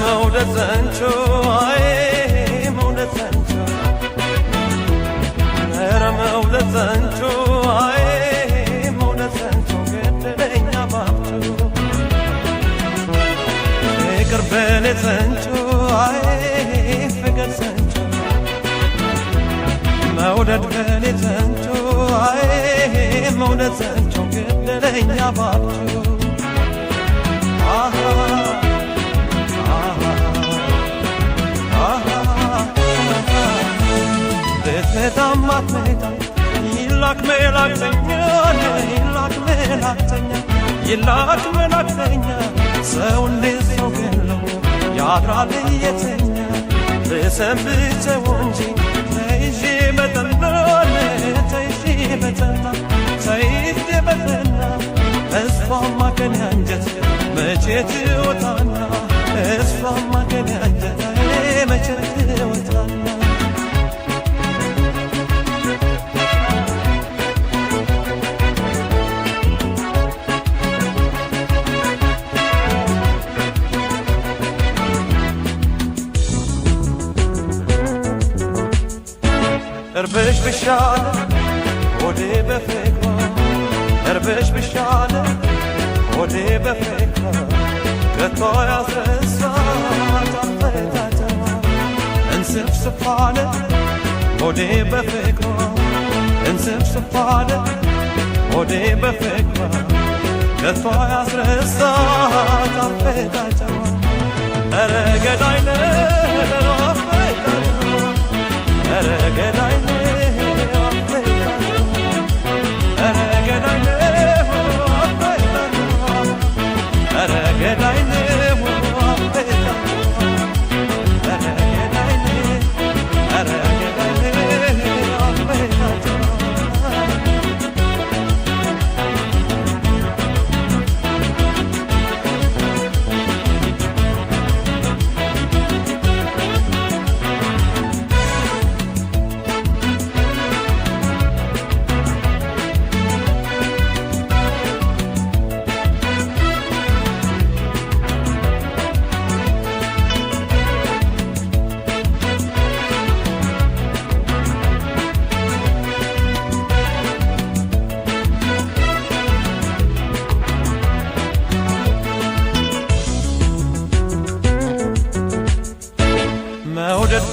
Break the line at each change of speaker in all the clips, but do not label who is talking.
መውደድ ዘንቹ አይ መውደድ ዘንቹ ኧረ መውደድ ዘንቹ አይ መውደድ ዘንቹ ገደለኛ ባቱ ፍቅር በኔ ዘንቹ አይ ፍቅር ዘንቹ መውደድ በኔ ዘንቹ አይ ገደለኛ ባቱ መሄዳማት መሄዳ ይላክ መላክተኛ ይላክ መላክተኛ ይላክ መላክተኛ ሰው እንዴት ሰው ያድራል የተኛ ልሰንብቼው እንጂ ተይዤ በጠና ተይዤ በጠና ተይዤ በጠና ተስፋማ ቀን አንጀት መቼት እርብሽ ብሻለ ሆዴ በፍቅር እርብሽ ብሻለ ሆዴ በፍቅር ከቶ ያስረሳት አፈታታ እንስፍስፍ አለ ሆዴ በፍቅር እንስፍስፍ አለ ሆዴ በፍቅር ከቶ ያስረሳት አፈታታ ኧረ ገዳይ ነው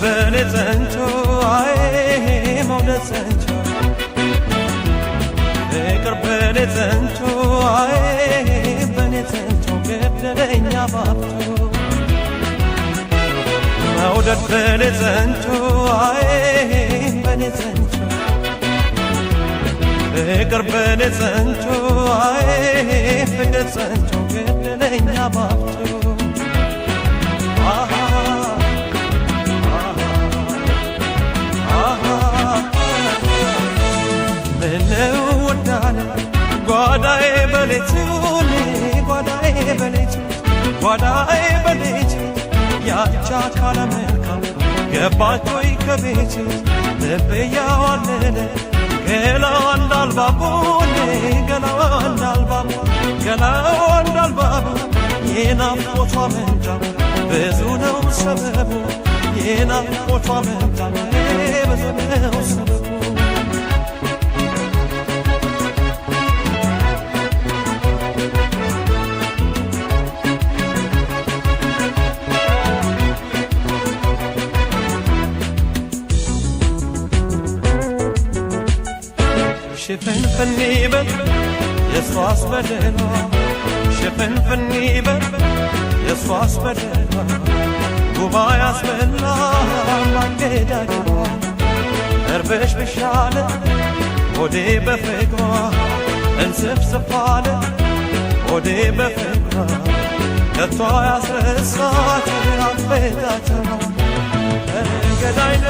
በኔ ጸንቶ አይ መውደድ ጸንቶ ፍቅር በኔ ጸንቶ አይ በኔ ጸንቶ ገደለኛ ባብቶ መውደድ ጸንቶ አይ ጸንቶ ፍቅር ጸንቶ አይ ጸንቶ ገደለኛ ባብቶ ልለው ወዳለ ጓዳዬ በልጅ ጓዳዬ በልጅ ጓዳዬ በልጅ ያቻ ካለ መልካም ገባች ወይ ከቤት ልብያዋለለ ገላዋ እንዳልባቡን ገላዋ እንዳልባቡ ገላዋ እንዳልባቡ የናፍቆቷ መንጫ ብዙ ነው ሰበቡ የናፍቆቷ መንጫ ብዙ ነው ሰበቡ ሽፍንፍኔ በል የሷስ በደሏ ሽፍንፍኔ በል የሷስ በደሏ ጉባኤ አስበላ ማገዳ እርብሽ ብሻለ ሆዴ በፍቅሯ እንስፍስፋለ ሆዴ በፍቅሯ ከቷ ያስረሳት አትበዳተማ ገዳይነ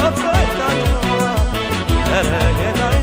አትበዳተማ ገዳይ